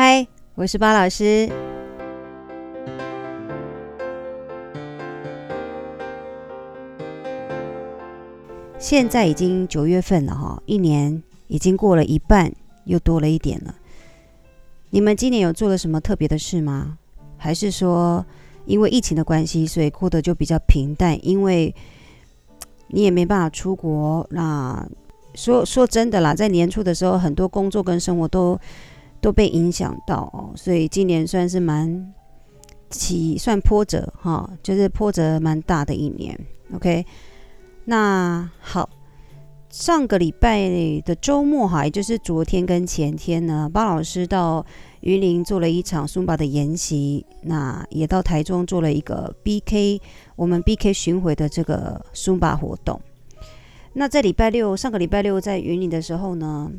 嗨，我是巴老師。現在已經九月份了哈，一年已經過了一半，又多了一點了。你們今年有做了什麼特別的事嗎？還是說因為疫情的關係，所以過得就比較平淡？因為你也沒辦法出國。那說說真的啦，在年初的時候，很多工作跟生活都都被影響到哦，所以今年算是蠻起算波折哈，就是波折蠻大的一年。OK，那好，上個禮拜的周末哈，也就是昨天跟前天呢，巴老師到雲林做了一場松巴的研習，那也到台中做了一個 BK 我們 BK 巡回的這個松巴活動。那在禮拜六，上個禮拜六在雲林的時候呢。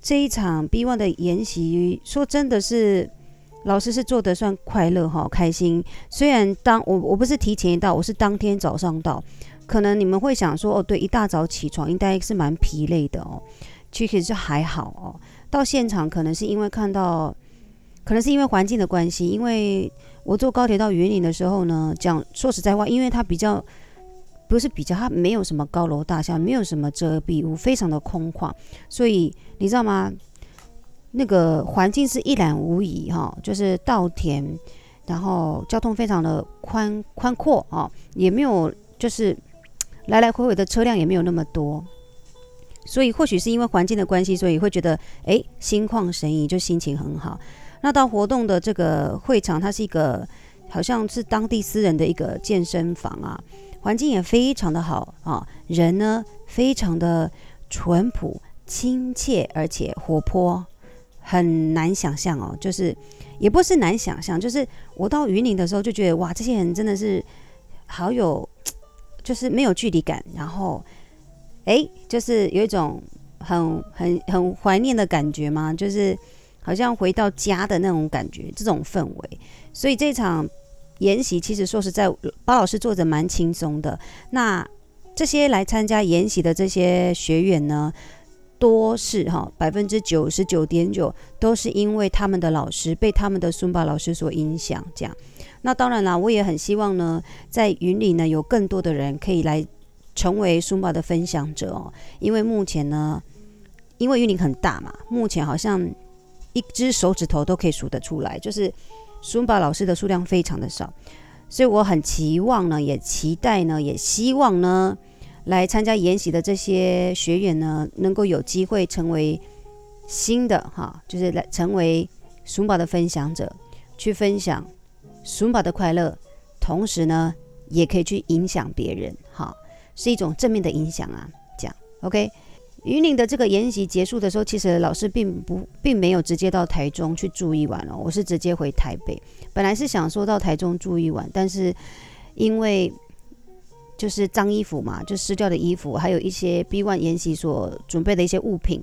這一場 B One 的研習，說真的是老師是做得算快樂哈，開心。雖然當我我不是提前一到，我是當天早上到，可能你們會想說哦，對，一大早起床應該是蠻疲累的哦。其實是還好哦，到現場可能是因為看到，可能是因為環境的關係，因為我坐高鐵到雲林的時候呢，講說實在話，因為它比較。不是比較，它沒有什麼高樓大廈，沒有什麼遮蔽物，非常的空曠，所以你知道嗎？那個環境是一覽無遺哈、哦，就是稻田，然後交通非常的寬寬闊啊，也沒有就是來來回回的車輛也沒有那麼多，所以或許是因為環境的關係，所以會覺得哎、欸、心曠神怡，就心情很好。那到活動的這個會場，它是一個好像是當地私人的一個健身房啊。環境也非常的好啊、哦，人呢非常的淳樸、親切，而且活潑，很難想象哦。就是也不是難想象，就是我到雲林的時候就覺得哇，這些人真的是好有，就是沒有距離感，然後哎，就是有一種很很很懷念的感覺嘛，就是好像回到家的那種感覺，這種氛圍。所以這場。研習其實說實在，巴老師做着蠻輕鬆的。那這些來參加研習的這些學員呢，多是哈百分之九十九點九都是因為他們的老師被他們的孫巴老師所影響，這樣，那當然啦，我也很希望呢，在雲林呢有更多的人可以來成為孫巴的分享者哦。因為目前呢，因為雲林很大嘛，目前好像一隻手指頭都可以數得出來，就是。孫巴老師的數量非常的少，所以我很期望呢，也期待呢，也希望呢，來參加研習的這些學員呢，能夠有機會成為新的哈，就是來成為孫巴的分享者，去分享孫巴的快樂，同時呢，也可以去影響別人，哈，是一種正面的影響啊，這樣，OK。雲林的這個研習結束的時候，其實老師並不並沒有直接到台中去住一晚哦，我是直接回台北。本來是想說到台中住一晚，但是因為就是髒衣服嘛，就濕掉的衣服，還有一些 B1 研習所準備的一些物品，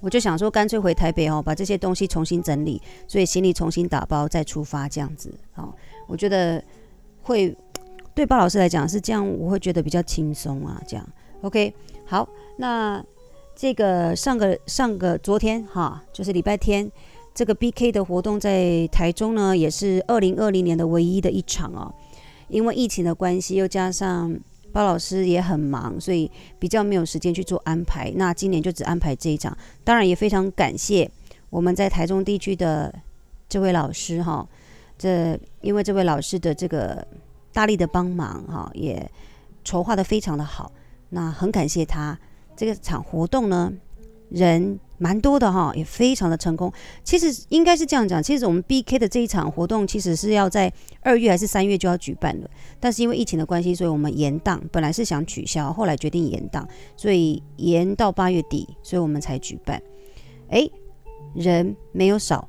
我就想說乾脆回台北哦，把這些東西重新整理，所以行李重新打包再出發這樣子啊。我覺得會對巴老師來講是這樣，我會覺得比較輕鬆啊，這樣 OK。好，那這個上個上個昨天哈，就是禮拜天，這個 BK 的活動在台中呢，也是二零二零年的唯一的一場哦。因為疫情的關係，又加上包老師也很忙，所以比較沒有時間去做安排。那今年就只安排這一場，當然也非常感謝我們在台中地區的這位老師哈、哦。這因為這位老師的這個大力的幫忙哈、哦，也籌劃的非常的好。那很感謝他，這個場活動呢，人蠻多的哈、哦，也非常的成功。其實應該是這樣講，其實我們 BK 的這一場活動其實是要在二月還是三月就要舉辦了，但是因為疫情的關係，所以我們延宕。本來是想取消，後來決定延宕，所以延到八月底，所以我們才舉辦。誒，人沒有少，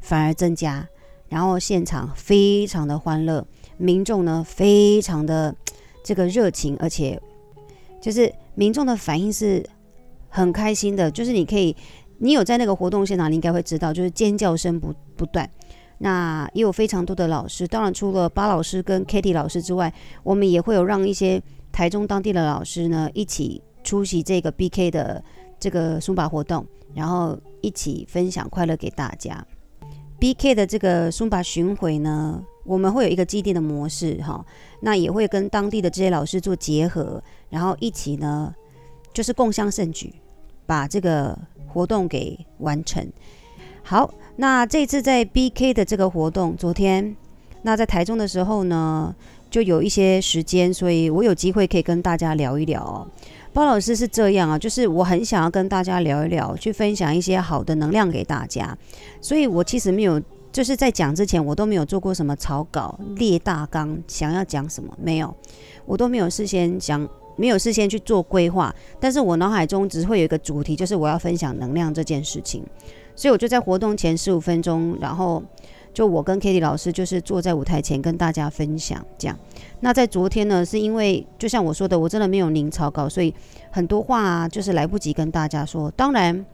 反而增加，然後現場非常的歡樂，民眾呢非常的這個熱情，而且。就是民眾的反應是很開心的，就是你可以，你有在那個活動現場，你應該會知道，就是尖叫聲不不斷。那也有非常多的老師，當然除了巴老師跟 Kitty 老師之外，我們也會有讓一些台中當地的老師呢一起出席這個 BK 的這個 Zumba 活動，然後一起分享快樂給大家。BK 的這個 Zumba 巡迴呢，我們會有一個基地的模式，哈，那也會跟當地的這些老師做結合，然後一起呢，就是共襄盛舉，把這個活動給完成。好，那這次在 BK 的這個活動，昨天那在台中的時候呢，就有一些時間，所以我有機會可以跟大家聊一聊哦。巴老師是這樣啊，就是我很想要跟大家聊一聊，去分享一些好的能量給大家，所以我其實沒有。就是在講之前，我都沒有做過什麼草稿、列大綱，想要講什麼沒有，我都沒有事先想，沒有事先去做規劃。但是我腦海中只會有一個主題，就是我要分享能量這件事情。所以我就在活動前十五分鐘，然後就我跟 Katie 老師就是坐在舞台前跟大家分享這樣。那在昨天呢，是因為就像我說的，我真的沒有臨草稿，所以很多話啊，就是來不及跟大家說。當然。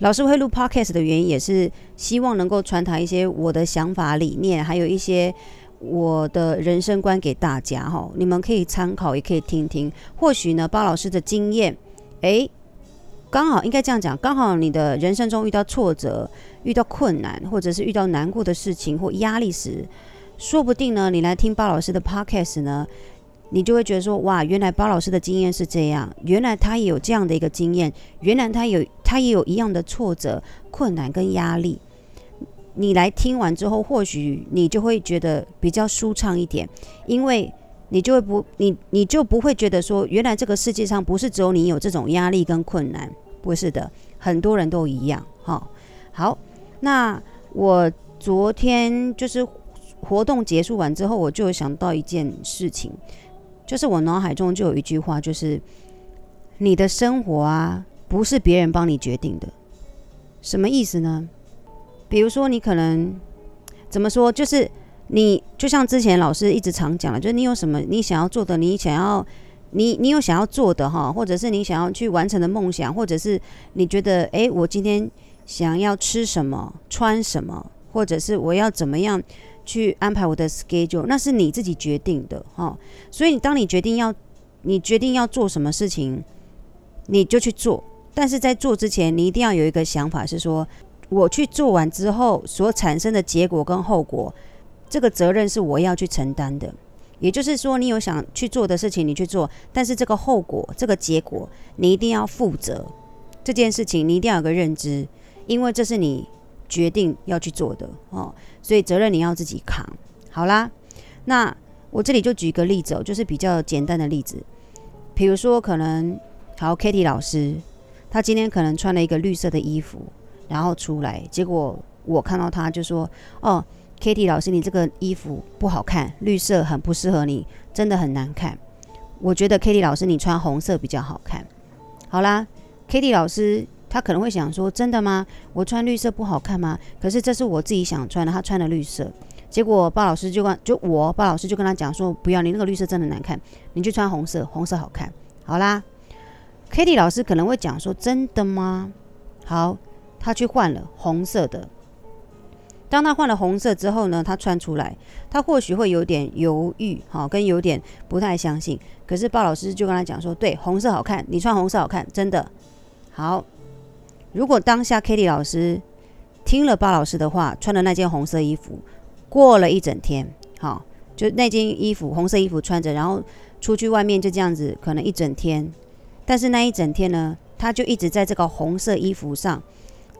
老師會錄 Podcast 的原因，也是希望能夠傳達一些我的想法、理念，還有一些我的人生觀給大家。哈，你們可以參考，也可以聽聽。或許呢，巴老師的經驗，哎、欸，剛好應該這樣講，剛好你的人生中遇到挫折、遇到困難，或者是遇到難過的事情或壓力時，說不定呢，你來聽巴老師的 Podcast 呢。你就會覺得說，哇，原來巴老師的經驗是這樣，原來他也有這樣的一個經驗，原來他有他也有一樣的挫折、困難跟壓力。你來聽完之後，或許你就會覺得比較舒暢一點，因為你就會不你你就不會覺得說，原來這個世界上不是只有你有這種壓力跟困難，不是的，很多人都一樣。哈、哦，好，那我昨天就是活動結束完之後，我就想到一件事情。就是我腦海中就有一句話，就是你的生活啊，不是別人幫你決定的。什麼意思呢？比如說你可能怎麼說，就是你就像之前老師一直常講的，就是你有什麼你想要做的，你想要你你有想要做的哈，或者是你想要去完成的夢想，或者是你覺得哎、欸，我今天想要吃什麼、穿什麼，或者是我要怎麼樣。去安排我的 schedule，那是你自己決定的，哈、哦。所以當你決定要，你決定要做什麼事情，你就去做。但是在做之前，你一定要有一個想法，是說我去做完之後所產生的結果跟後果，這個責任是我要去承擔的。也就是說，你有想去做的事情，你去做，但是這個後果、這個結果，你一定要負責。這件事情你一定要有個認知，因為這是你。決定要去做的哦，所以責任你要自己扛。好啦，那我這裡就舉個例子哦，就是比較簡單的例子，比如說可能，好 Katie 老師，她今天可能穿了一個綠色的衣服，然後出來，結果我看到她就說：“哦 Katie 老師，你這個衣服不好看，綠色很不適合你，真的很難看。我覺得 Katie 老師你穿紅色比較好看。”好啦 Katie 老師。他可能會想說：“真的嗎？我穿綠色不好看嗎？”可是這是我自己想穿的。他穿了綠色，結果巴老師就跟就我巴老師就跟他講說：“不要，你那個綠色真的難看，你去穿紅色，紅色好看。”好啦，Katie 老師可能會講說：“真的嗎？”好，他去換了紅色的。當他換了紅色之後呢，他穿出來，他或許會有點猶豫，好，跟有點不太相信。可是巴老師就跟他講說：“對，紅色好看，你穿紅色好看，真的好。”如果當下 Kitty 老師聽了巴老師的話，穿了那件紅色衣服，過了一整天，好，就那件衣服紅色衣服穿着，然後出去外面就這樣子，可能一整天。但是那一整天呢，他就一直在這個紅色衣服上，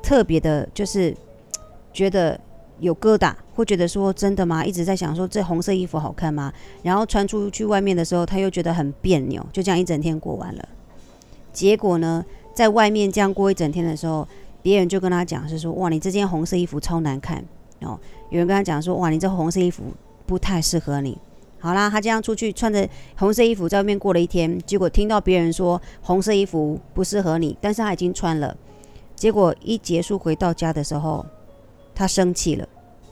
特別的，就是覺得有疙瘩，會覺得說真的嗎？一直在想說這紅色衣服好看嗎？然後穿出去外面的時候，他又覺得很別扭，就這樣一整天過完了。結果呢？在外面這樣過一整天的時候，別人就跟他講，是說：“哇，你這件紅色衣服超難看哦。”有人跟他講說：“哇，你這紅色衣服不太適合你。”好啦，他這樣出去穿着紅色衣服在外面過了一天，結果聽到別人說紅色衣服不適合你，但是他已經穿了。結果一結束回到家的時候，他生氣了，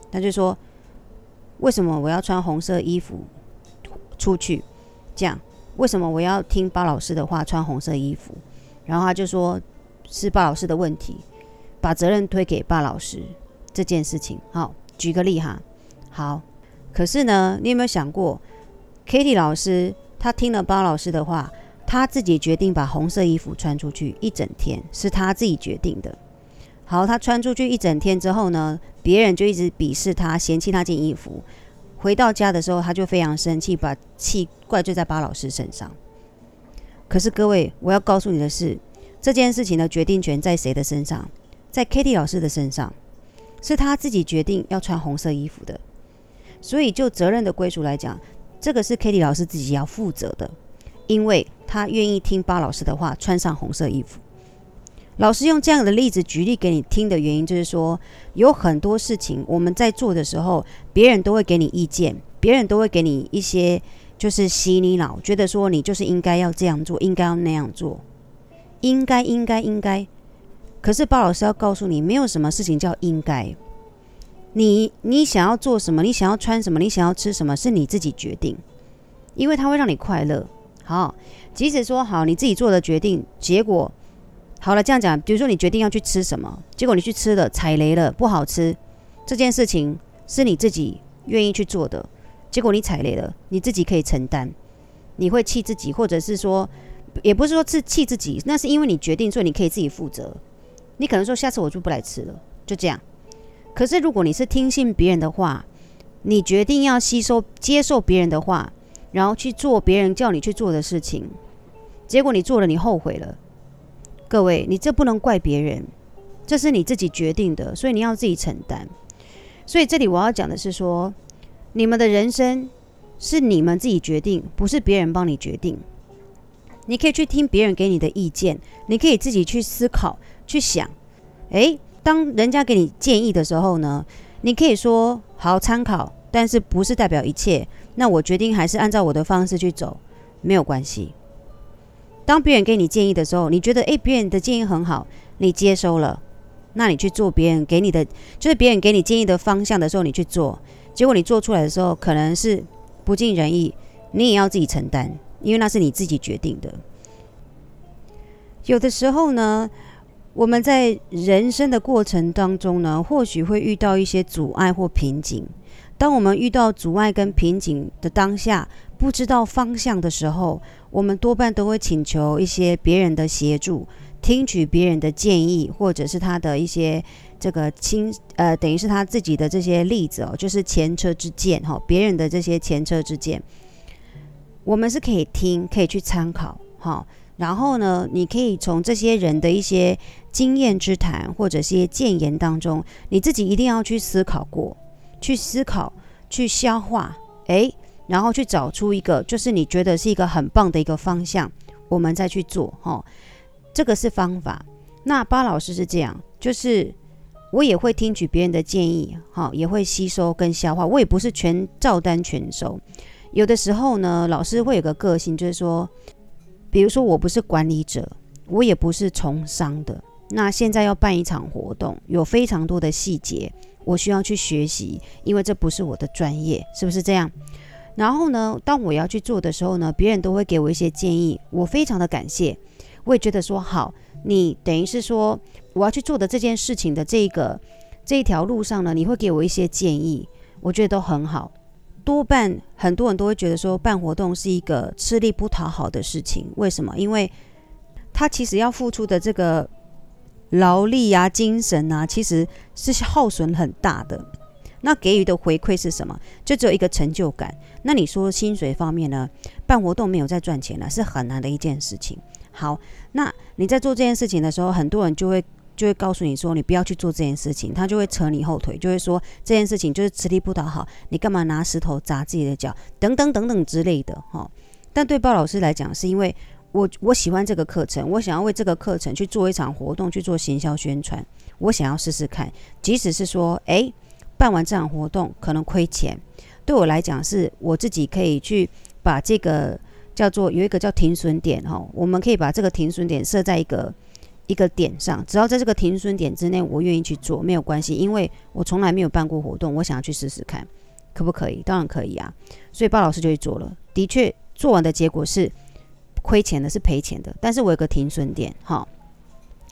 他就說：“為什麼我要穿紅色衣服出去？這樣為什麼我要聽巴老師的話穿紅色衣服？”然後他就說，是巴老師的問題，把責任推給巴老師這件事情。好，舉個例哈。好，可是呢，你有沒有想過 ，Kitty 老師她聽了巴老師的話，她自己決定把紅色衣服穿出去一整天，是她自己決定的。好，她穿出去一整天之後呢，別人就一直鄙視她、嫌棄那件衣服。回到家的時候，他就非常生氣，把氣怪罪在巴老師身上。可是各位，我要告訴你的是，這件事情的決定權在誰的身上？在 Katie 老師的身上，是他自己決定要穿紅色衣服的。所以就責任的歸屬來講，這個是 Katie 老師自己要負責的，因為他願意聽巴老師的話，穿上紅色衣服。老師用這樣的例子舉例給你聽的原因，就是說有很多事情我們在做的時候，別人都會給你意見，別人都會給你一些。就是洗你腦，覺得說你就是應該要這樣做，應該要那樣做，應該應該應該。可是巴老師要告訴你，沒有什麼事情叫應該。你你想要做什麼？你想要穿什麼？你想要吃什麼？是你自己決定，因為它會讓你快樂。好，即使說好你自己做的決定，結果好了這樣講，比如說你決定要去吃什麼，結果你去吃了，踩雷了，不好吃，這件事情是你自己願意去做的。結果你踩雷了，你自己可以承擔，你會氣自己，或者是說，也不是說是氣自己，那是因為你決定，所以你可以自己負責，你可能說下次我就不來吃了，就這樣。可是如果你是聽信別人的話，你決定要吸收接受別人的話，然後去做別人叫你去做的事情，結果你做了，你後悔了，各位，你這不能怪別人，這是你自己決定的，所以你要自己承擔。所以這裡我要講的是說。你們的人生是你們自己決定，不是別人幫你決定。你可以去聽別人給你的意見，你可以自己去思考、去想。誒，當人家給你建議的時候呢，你可以說“好好參考”，但是不是代表一切，那我決定還是按照我的方式去走，沒有關係。當別人給你建議的時候，你覺得“誒，別人的建議很好”，你接收了，那你去做別人給你的，就是別人給你建議的方向的時候，你去做。結果你做出來的時候，可能是不盡人意，你也要自己承擔，因為那是你自己決定的。有的時候呢，我們在人生的過程當中呢，或許會遇到一些阻礙或瓶頸。當我們遇到阻礙跟瓶頸的當下，不知道方向的時候，我們多半都會請求一些別人的協助。聽取別人的建議，或者是他的一些這個親呃，等於是他自己的這些例子哦，就是前車之鑑哈。別人的這些前車之鑑，我們是可以聽，可以去參考哈。然後呢，你可以從這些人的一些經驗之談或者是些建言當中，你自己一定要去思考過，去思考，去消化，誒，然後去找出一個就是你覺得是一個很棒的一個方向，我們再去做哈。哦。這個是方法。那巴老師是這樣，就是我也會聽取別人的建議，哈，也會吸收跟消化。我也不是全照單全收。有的時候呢，老師會有個個性，就是說，比如說我不是管理者，我也不是從商的。那現在要辦一場活動，有非常多的細節，我需要去學習，因為這不是我的專業，是不是這樣？然後呢，當我要去做的時候呢，別人都會給我一些建議，我非常的感謝。我也覺得說好，你等於是說我要去做的這件事情的這一個這一條路上呢，你會給我一些建議，我覺得都很好。多半很多人都會覺得說辦活動是一個吃力不討好的事情，為什麼？因為他其實要付出的這個勞力啊、精神啊，其實是耗損很大的。那給予的回饋是什麼？就只有一個成就感。那你說薪水方面呢？辦活動沒有在賺錢了啊，是很難的一件事情。好，那你在做這件事情的時候，很多人就會就會告訴你說，你不要去做這件事情，他就會扯你後腿，就會說這件事情就是吃力不討好，你幹嘛拿石頭砸自己的腳，等等等等之類的哈。但對巴老師來講，是因為我我喜歡這個課程，我想要為這個課程去做一場活動，去做行銷宣傳，我想要試試看，即使是說，誒，辦完這場活動可能虧錢，對我來講是，我自己可以去把這個。叫做有一個叫停損點哈，我們可以把這個停損點設在一個一個點上，只要在這個停損點之內，我願意去做沒有關係，因為我從來沒有辦過活動，我想要去試試看，可不可以？當然可以啊，所以巴老師就去做了，的確做完的結果是虧錢的，是賠錢的，但是我有一個停損點哈、哦，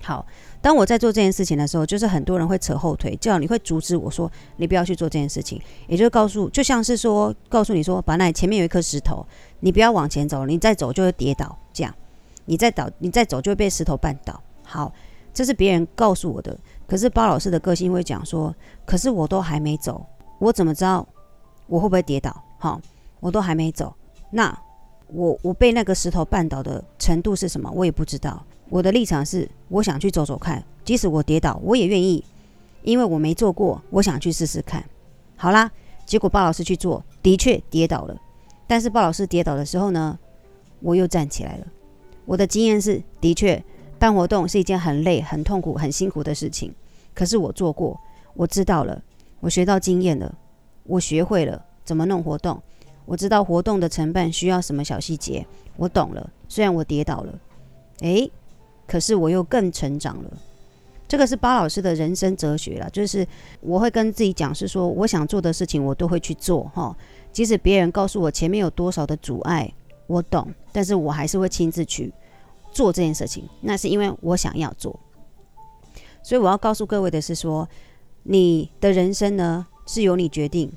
好。當我在做這件事情的時候，就是很多人會扯後腿，叫你會阻止我說你不要去做這件事情，也就是告訴，就像是說告訴你說，把那前面有一顆石頭，你不要往前走，你再走就會跌倒，這樣，你再倒，你再走就會被石頭絆倒。好，這是別人告訴我的，可是巴老師的個性會講說，可是我都還沒走，我怎麼知道我會不會跌倒？好，哦，我都還沒走，那我我被那個石頭絆倒的程度是什麼？我也不知道。我的立場是，我想去走走看，即使我跌倒，我也願意，因為我沒做過，我想去試試看。好啦，結果巴老師去做，的確跌倒了。但是巴老師跌倒的時候呢，我又站起來了。我的經驗是，的確辦活動是一件很累、很痛苦、很辛苦的事情。可是我做過，我知道了，我學到經驗了，我學會了怎麼弄活動，我知道活動的成本需要什麼小細節，我懂了。雖然我跌倒了，誒。可是我又更成長了，這個是巴老師的人生哲學啦，就是我會跟自己講，是說我想做的事情，我都會去做哈，即使別人告訴我前面有多少的阻礙，我懂，但是我還是會親自去做這件事情，那是因為我想要做。所以我要告訴各位的是說，你的人生呢是由你決定，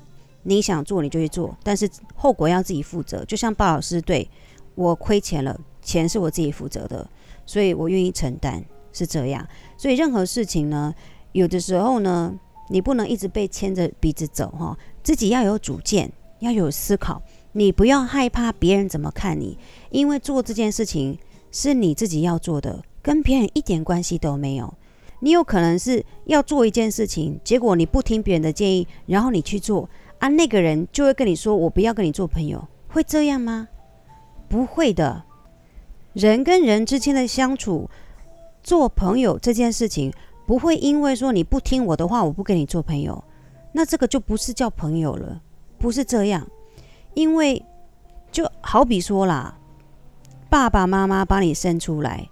你想做你就去做，但是後果要自己負責。就像巴老師對我虧錢了。錢是我自己負責的，所以我願意承擔，是這樣。所以任何事情呢，有的時候呢，你不能一直被牽着鼻子走哈，自己要有主見，要有思考。你不要害怕別人怎麼看你，因為做這件事情是你自己要做的，跟別人一點關係都沒有。你有可能是要做一件事情，結果你不聽別人的建議，然後你去做啊，那個人就會跟你說：“我不要跟你做朋友。”會這樣嗎？不會的。人跟人之間的相處，做朋友這件事情，不會因為說你不聽我的話，我不跟你做朋友，那這個就不是叫朋友了，不是這樣。因為就好比說啦，爸爸媽媽把你生出來，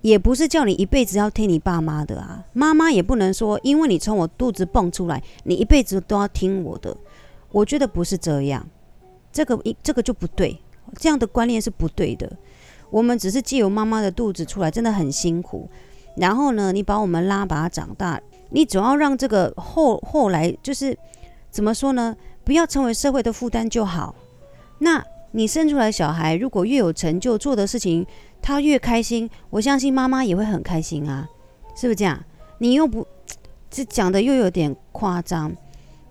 也不是叫你一輩子要聽你爸媽的啊。媽媽也不能說，因為你從我肚子蹦出來，你一輩子都要聽我的。我覺得不是這樣，這個一，這個就不對，這樣的觀念是不對的。我們只是借由媽媽的肚子出來，真的很辛苦。然後呢，你把我們拉拔長大，你總要讓這個後後來就是怎麼說呢？不要成為社會的負擔就好。那你生出來小孩，如果越有成就，做的事情他越開心，我相信媽媽也會很開心啊，是不是這樣？你又不這講的又有點誇張。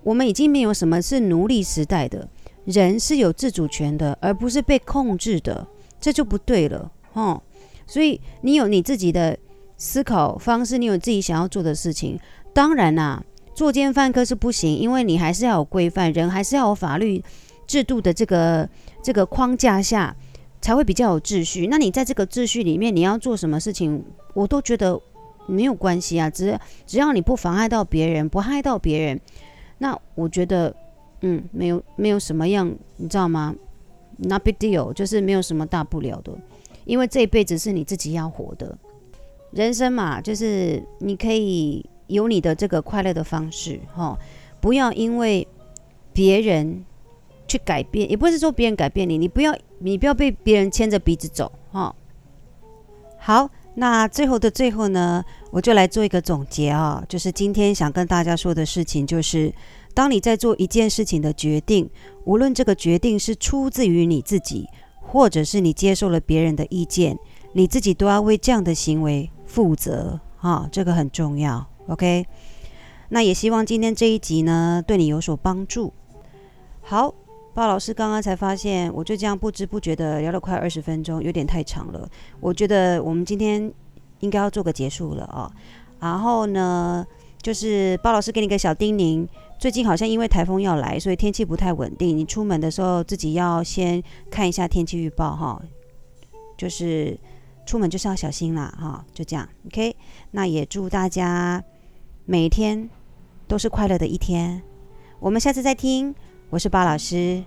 我們已經沒有什麼是奴隸時代的，人是有自主權的，而不是被控制的。這就不對了，哦，所以你有你自己的思考方式，你有自己想要做的事情。當然啦、啊，作奸犯科是不行，因為你還是要有規範，人還是要有法律制度的這個這個框架下才會比較有秩序。那你在這個秩序裡面，你要做什麼事情，我都覺得沒有關係啊，只只要你不妨礙到別人，不害到別人，那我覺得，嗯，沒有沒有什麼樣，你知道嗎？Not big deal，就是沒有什麼大不了的，因為這一輩子是你自己要活的。人生嘛，就是你可以有你的這個快樂的方式，哈、哦，不要因為別人去改變，也不是說別人改變你，你不要，你不要被別人牽着鼻子走，哈、哦。好，那最後的最後呢，我就來做一個總結啊、哦，就是今天想跟大家說的事情就是。當你在做一件事情的決定，無論這個決定是出自於你自己，或者是你接受了別人的意見，你自己都要為這樣的行為負責啊！這個很重要。OK，那也希望今天這一集呢，對你有所幫助。好，巴老師剛剛才發現，我就這樣不知不覺的聊了快二十分鐘，有點太長了。我覺得我們今天應該要做個結束了啊。然後呢，就是巴老師給你個小叮嚀。最近好像因為台風要來，所以天氣不太穩定。你出門的時候自己要先看一下天氣預報哈，就是出門就是要小心啦哈，就這樣。OK，那也祝大家每天都是快樂的一天。我們下次再聽，我是巴老師。